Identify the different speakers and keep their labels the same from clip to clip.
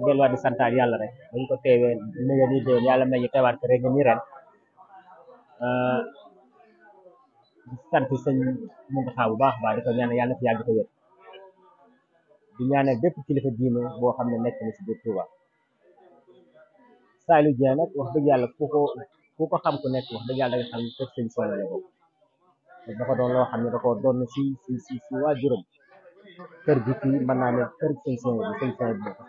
Speaker 1: delluwaat di santaat yàlla rek dañ ko teewee léegi nii déwén yàlla may ñu teewaat ko rek nii ren euh, di sant sëñ Muntaxa bu baax baax di ko ñaanal yàlla na fi yàgg ko wér di ñaanal bépp kilifa diine boo xam ne nekk na si biir Touba Saliou Dieng nag wax dëgg yàlla ku ko ku ko xam ku nekk wax dëgg yàlla da xam ne kër sëñ Sow la bokk dafa doon loo xam ne da doon si si si si waa juróom kër gi fii naa ne kër sëñ Sow bi sëñ Sow bi moo ko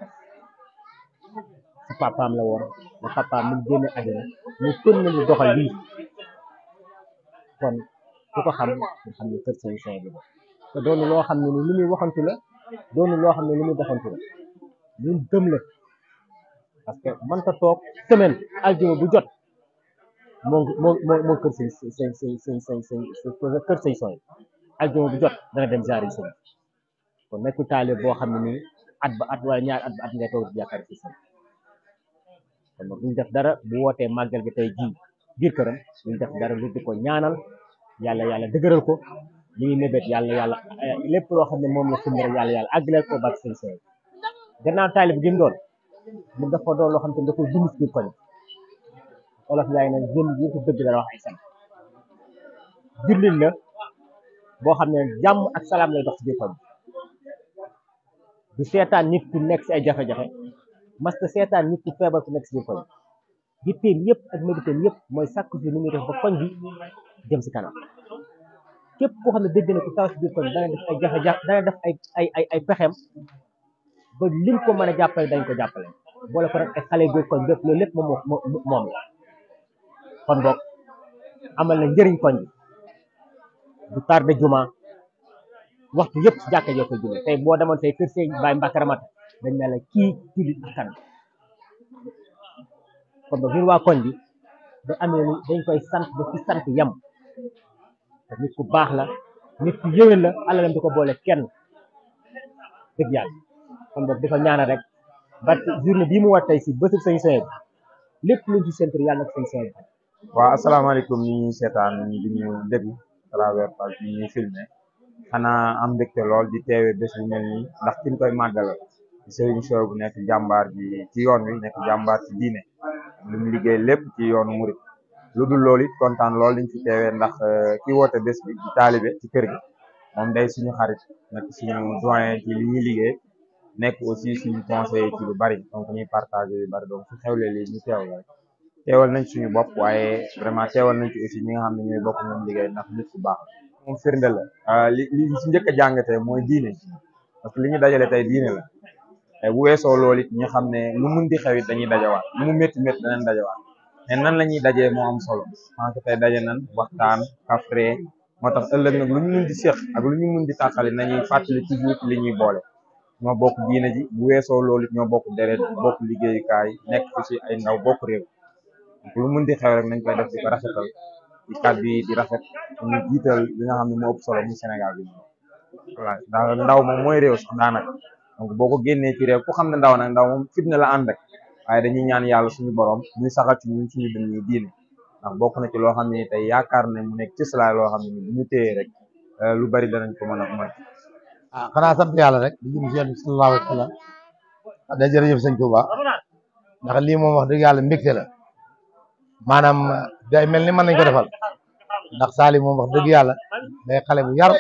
Speaker 1: ci papaam la woon ba papaam mu génne àddina mu doxal lii kon ku ko xam nga xam ne kër seen bi la doonu loo xam ne ni li muy waxantu la doonu loo xam ne li muy doxantu la lu gëm la parce que mën toog semaine aljuma bu jot moo moo moo moo kër seen seen seen seen kër seen aljuma bu jot dana dem jaar yi seen kon nekkul taale boo xam ne nii at ba at wala ñaar at ba at ngay toog di jàkkaar si seen kon nag duñ def dara bu wootee màggal gi tey jii biir këram duñ def dara lu di ko ñaanal yàlla yàlla dëgëral ko li ngi mébét yàlla yàlla eh, lépp loo xam ne moom la sumb rek yàlla yàlla àggaleel ko bak seen sey gannaaw mu doon mu dafa loo xam te da koy dund la wax ay sant jullit boo xam ne jàmm ak salaam dox si seetaan nit ku nekk si ay jafe-jafe mas na seetaan nit ki feebar ku nekk si biir koñ yitteem yëpp ak mébétam yëpp mooy sàkku si nu ñuy def ba koñ bi jëm si kanam képp koo xam ne dégg na jafe-jafe dana def ay ay ay ay pexeem ba ko a jàppale dañ ko jàppale boole ko rek ay xale góor koñ bépp lépp moom moom la kon boog amal na njëriñ koñ bi du tardé juma waxtu yëpp si jàkka joo koy tey boo demoon tey kër sëñ Baay Mbàkke dañ ne la kii jullit askan kon ba ñun waa koñ bi da amee lu dañ koy sant ba fi sant yem te nit baax la nit ku yëwén la alalam di ko boole kenn dëgg yàlla kon boog di ko ñaanal rek ba journée bii mu war tey si bësub sañ sañ bi lépp luñ ci sentir yàlla nag sañ sañ bi
Speaker 2: waaw asalaamaaleykum ñi ñuy seetaan ñi di ñu bi ñuy filmé xanaa am mbégte lool di teewee bés bu mel nii ndax kiñ koy màggalal Serigne Sow bu nekk jàmbaar ji ci yoon wi nekk jàmbaar ci diine lu mu liggéey lépp ci yoon murit lu dul loolu it kontaan lool liñ fi teewee ndax euh, ki woote bés bi di taalibe ci kër gi moom day suñu xarit nekk suñu doyen ci li ñu liggéey nekk aussi suñu conseiller ci lu bari donc ñuy partager yi bari donc su xewlee lii ñu teew la rek teewal nañ suñu bopp waaye vraiment teewal nañ ci aussi ñi nga xam ne ñooy bokk ñoom liggéey ndax nit ku baax moom firnde la euh, li li si ñu dajale Eh, bu weesoo loolu it ñu xam ne lu mun di xew it dañuy dajawaat lu mu métti métti danañ dajawaat mais nan la ñuy dajee moo am solo parce que tey daje nan moo tax ëllëg nag lu ñu mun di séq ak lu ñu mun di nañuy fàttali toujours li ñuy boole ñoo bokk diina ji bu weesoo loolu it ñoo bokk deret bokk liggéeyukaay nekk ci ay ndaw bokk réew lu mun di xew nañ koy def di rafetal ci kàddu yi di rafet ñu jiital li nga xam ne moo solo mu Sénégal bi voilà ndaw moom mooy réew sax daanaka donc boo ko génnee ci réew ku xam ne ndaw nag ndaw moom fitna la ànd rek waaye dañuy ñaan yàlla suñu borom muy saxal ci ñun suñu dañuy diine ndax bokk na ci loo xam ne tey yaakaar ne mu nekk ci salaa loo xam ne bu ñu téyee rek
Speaker 3: euh, lu bari danañ ko mën a mooy ah xanaa sant yàlla rek di jëm ci yàlla sallallahu alayhi wa sallam ah, da lii moom wax dëgg yàlla mbégte la maanaam day mel ni mën nañ ko defal ndax Saali moom wax dëgg yàlla day xale bu yar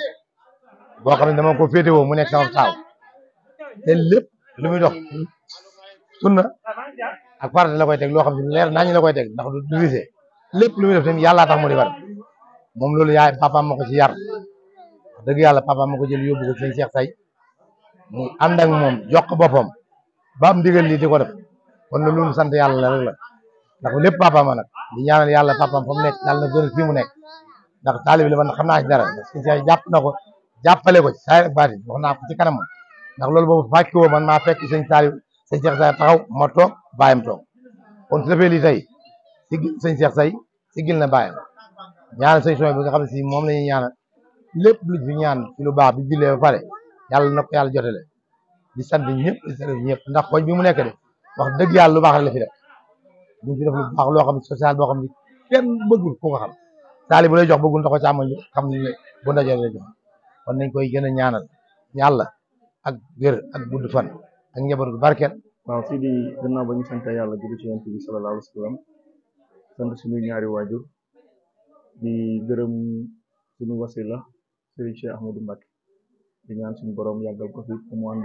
Speaker 3: boo xam ne dama ko féetewoo mu nekk sama te lépp lu muy dox sunna ak farata la koy teg loo xam ne leer naa ñu la koy teg ndax du wisee lépp lu muy def tamit yàllaa tax mu di war moom loolu yaay papaam ma ko ci yar wax dëgg yàlla papaam ma ko jël yóbbu ko sëñ Cheikh mu ànd ak moom jox bam boppam ba am ndigal lii di ko def kon na loolu sant yàlla la rek la ndax lépp papaama nag di ñaanal yàlla papaam fa mu nekk yàlla na gën a fi mu nekk ndax taalib la man xam naa ci dara parce que jàpp na ko ko ci saa yi naa ko kanam ndax loolu boobu fàcc woo man maa fekk sëñ Saliou sëñ Cheikh Say taxaw ma toog bàyyam toog kon su defee lii tey si sëñ Cheikh Say si gil na bàyyam ñaanal sëñ Souhaïbou bi nga xam ne si moom la ñuy ñaanal lépp lu fi ñaan ci lu baax bi jullee ba pare yàlla na ko yàlla jotale di sant ñëpp di sant ñëpp ndax xooj bi mu nekk de wax dëgg yàlla lu baax rek la fi def duñ fi def lu baax loo xam ne social boo xam ne kenn bëggul ku ko xam saali bu lay jox bëggul nda ko càmmoñ xam ne bu ndajee lay jox kon nañ koy gën a ñaanal yàlla ak wér ak gudd fan ak njaboot gu
Speaker 4: waaw fii di gannaaw ba ñu sant yàlla jël ci yonent bi sallallahu alayhi wa sallam sant suñuy ñaari waajur di gërëm suñu la Serigne Cheikh Ahmadou Mbacké di ñaan suñu boroom yàggal ko fi mu ànd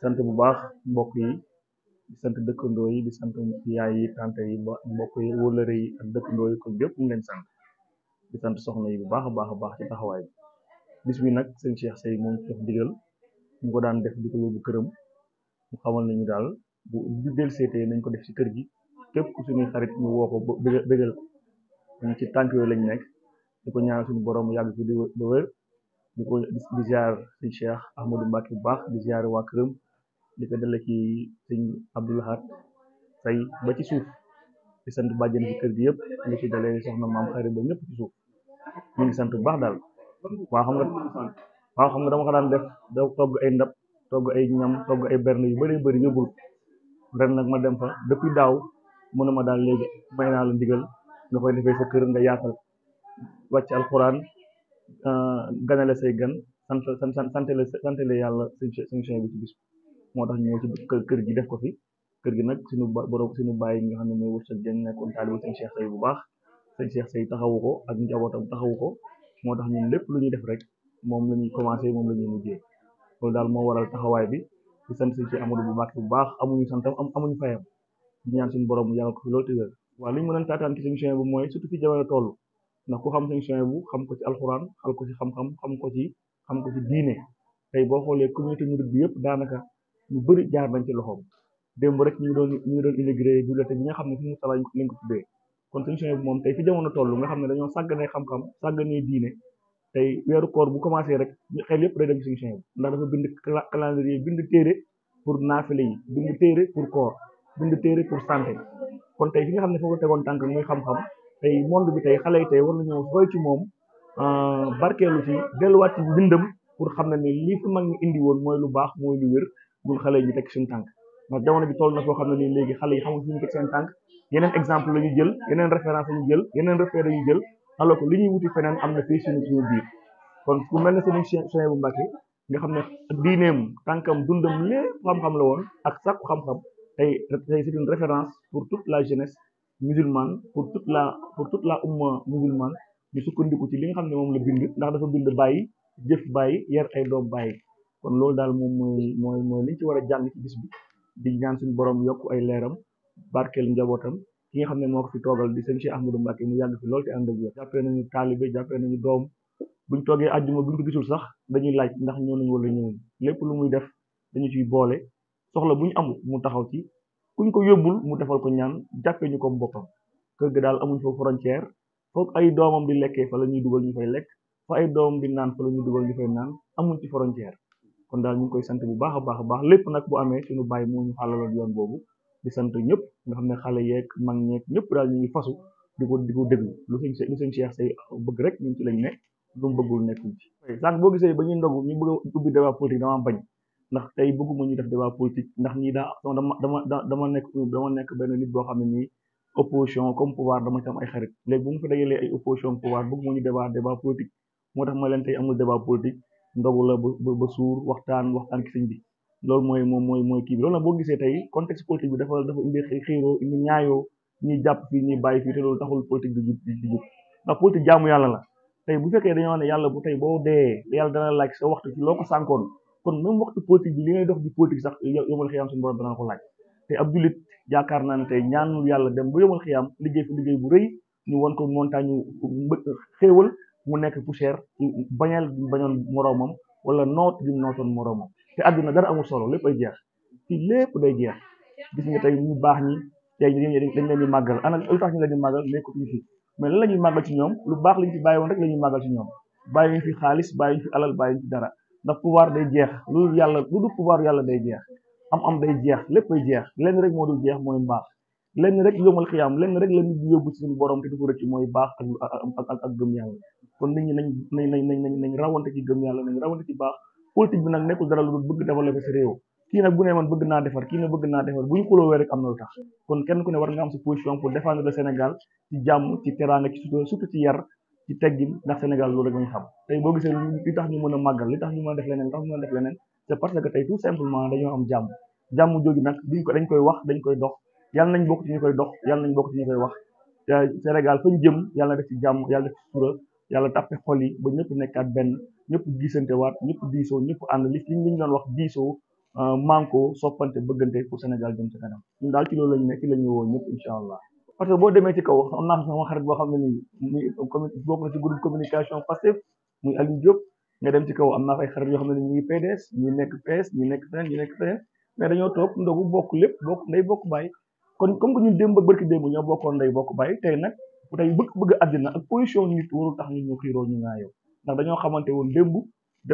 Speaker 4: sant bu baax mbokk yi di sant dëkkandoo yi di sant yaay yi tante yi mbokk yi wóllëre yi ak dëkkandoo yi ko yëpp ñu leen sant di sant soxna yi bu baax a baax a baax ci taxawaay bi bis bi nag sëñ Cheikh Seye moom jox digal ñu ko daan def di ko yóbbu këram mu xamal nañu daal bu bu del seetee nañ ko def ci kër gi képp ku suñuy xarit ñu woo ko bégal ko dañ ci tànk yooyu lañ nekk di ko ñaan suñu borom yàgg fi di ba wér di ko di ziar sëñ Cheikh Ahmadou Mbacke bu baax di ziar waa këram di ko dale ci sëñ Abdoulahat Seye ba ci suuf di sant bàjjen ci kër gi yëpp li ci dalee soxna maam xarit ba ñëpp suuf mu ngi sant bu baax daal waaw xam nga waaw xam dama ko daan def da togg ay ndab togg ay ñam togg ay berne yu bëree bari yóbbul ren nag ma dem fa depuis daaw mu ne ma daal léegi may naa la ndigal nga koy defee sa kër nga yaatal wàcc alxuraan euh, ganale say gan sant sant santale santale yàlla suñ suñ suñ bi ci bis moo tax ñëw ci kër gi def ko fi kër gi nag suñu borom suñu bàyyi nga xam ne mooy sa jën nekkoon taalibu suñ Cheikh Say bu baax sañ Cheikh Say taxawu ko ak njabootam taxawu ko moo tax ñun lépp lu ñuy def rek moom la ñuy commencé moom la ñuy mujjee loolu daal moo waral taxawaay bi di sant si ci Amadou bu baax bu baax amuñu santam am amuñu fayam di ñaan suñu borom yàlla ko fi loolu tëgal waaw li mu mën a taataan ci suñu chaîne bu mooy surtout fi jamono toll ndax ku xam suñu chaîne bu xam ko ci alxuraan xam ko ci xam-xam xam ko ci xam ko ci diine tey boo xoolee communauté murid bi yëpp daanaka ñu bari jaar nañ ci loxoom démb rek ñu ngi doon ñu ngi doon intégré bibliothèque ko tuddee kon suñu chaîne bi moom tey fi jamono toll nga xam ne dañoo sàgganee xam-xam sàgganee diine tey weeru koor bu commencé rek xel yëpp day dem suñu chaîne bi ndax dafa bind bind téere pour naafile yi bind téere pour koor bind téere pour santé kon tey fi nga xam ne foofu la tegoon tànk muy xam-xam tey monde bi tey xale yi tey war nañoo roy ci moom euh, barkeelu ci delluwaat ci mbindam pour xam ne ne lii fi mag ñi indi woon mooy lu baax mooy lu wér ñun xale yi ñu teg suñu tànk ndax jamono bi toll na foo xam ne nii léegi xale yi xamul fi ñu teg seen tànk yeneen exemple la ñu jël yeneen référence la ñu jël yeneen référé la ñu jël alors li ñuy wuti feneen am na fii suñu suñu biir kon ku mel ne sëriñ bu Mbacké nga xam ne diineem tànkam dundam lépp xam-xam la woon ak sàkku xam-xam tey tey c'est une référence pour tout la jeunesse musulmane pour toute la pour toute la umma musulmane ñu sukkandiku ci li nga xam ne moom la bind ndax dafa bind bàyyi jëf bàyyi yar ay doom bàyyi kon loolu daal moom mooy mooy mooy liñ ci war a jàng ci bis bi di ñaan suñu borom yokk ay leeram barkeelu njabootam ki nga xam ne moo ko fi toogal di sëñ Cheikh Ahmadou Mbacke mu yàgg fi lool te ànd ak wér jàppee nañu taalibe jàppee nañu doom buñ toogee àjjuma buñ ko gisul sax dañuy laaj ndax ñëw nañu wala ñëwuñ lépp lu muy def dañu ciy boole soxla bu ñu amul mu taxaw ci kuñ ko yóbbul mu defal ko ñaan jàppee ñu ko boppam kër ga daal amuñ foofu frontière foog ay doomam di lekkee fa la ñuy dugal ñu fay lekk fa ay doomam di naan fa la ñuy dugal ñu fay naan amuñ ci frontière kon daal ñu ngi koy sant bu baax a baax a baax nag bu amee suñu bàyyi moo ñu xàllaloon boobu di sant ñëpp nga xam ne xale yeeg mag ñeeg ñëpp daal ñu ngi fasu di ko di ko déglu lu sëñ lu sëñ Cheikh Seye bëgg rek ñun ci lañ ne lu mu bëggul nekkuñ ci sànq boo gisee ba ñuy ndogu ñu bëgg a ubbi débat politique dama bañ ndax tey bëgguma ñu def débat politique ndax ñii daa dama dama dama nekk dama nekk benn nit boo xam ne nii opposition comme pouvoir dama ci am ay xarit léegi bu mu fa dajalee ay opposition pouvoir bëgguma ñu débat débat politique moo tax ma leen tey amul débat politique ndogu la ba ba suur waxtaan waxtaan ki sëñ bi loolu mooy moom mooy mooy kii bi loolu nag boo gisee tey contexte politique bi dafa dafa indi xéeroo indi ñaayoo ñuy jàpp fii ñuy bàyyi fii te loolu taxul politique di jub di jub ndax politique jaamu yàlla la tey bu fekkee dañoo ne yàlla bu tey boo dee yàlla dana laaj sa waxtu loo ko kon même waxtu bi li ngay dox di politique sax yomal xiyaam suñu borom dana ko laaj te ab jullit yaakaar naa ne tey ñaanul yàlla dem ba yomal xiyaam liggéey fi liggéey bu rëy ñu won ko montagne mbë xéewal mu nekk poussière bañal bañoon moroomam wala noot gi nootoon moroomam te àdduna dara amul solo lépp ay jeex fii lépp day jeex gis nga tey ñu baax ñi tey dañ leen di màggal ana lu tax ñu leen di màggal nekkutuñu fi mais lan la ci ñoom lu baax lañ fi bàyyi woon rek la ñuy màggal ci ñoom xaalis bàyyi ñu fi alal bàyyi ñu fi dara ndax pouvoir day jeex lu yàlla lu du pouvoir yàlla day jeex am am day jeex lépp ay jeex lenn rek moo dul jeex mooy mbaax lenn rek yomal xiyaam lenn rek la nit di yóbbu ci suñu borom te du ko rëcc mooy baax ak ak ak gëm yàlla kon nit ñi nañ nañ nañ politique bi nag nekkul dara lu bëgg développer sa réew kii nag bu ne man bëgg naa defar kii ne bëgg naa defar bu ñu xuloowee rek am na lu tax kon kenn ku ne war nga am sa position pour défendre le Sénégal ci jàmm ndax Sénégal loolu rek xam tey tax ñu mën a a def leneen li tax ñu mën a def leneen c'est parce que tey tout simplement dañoo jàmm jooju nag ko dañ koy wax dañ koy dox yàlla nañ bokk ci ñu koy dox yàlla nañ bokk ci ñu koy wax Sénégal fañ jëm yàlla def ci jàmm yàlla def ci sutura yàlla tàppe xol yi ba ñëpp nekkaat benn ñëpp gisante waat ñëpp diisoo ñëpp ànd li li ñu doon wax diisoo euh, manko soppante bëggante pour Sénégal jëm ci kanam ñun daal ci loolu lañu nekk ci la ñu woo ñëpp incha allah parce que boo demee ci kaw am naa sama xarit boo xam ne nii bokk na ci groupe communication Pastef dem ci kaw am naa fay yoo xam ne ñu ngi PDS ñu nekk PS ñu nekk feneen ñu nekk feneen mais dañoo toog ndogu bokk lépp bokk nday bokk bàyyi kon comme que ñun démb ak barki démb ñoo bokkoon nday bokk bàyyi tey nag tey bëgg bëgg àddina ak position nit warul tax ñu ñu ñu ngaa yow ndax dañoo xamante woon démb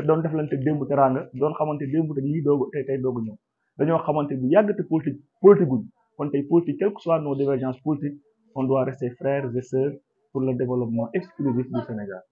Speaker 4: doon deflante démb teraanga doon xamante démb te lii doogu tey tey doogu ñëw dañoo xamante bu yàgg te politique politique guñ kon tey politique quelles que soient nos divergences politiques on doit rester frères et sœurs pour le développement exclusif du Sénégal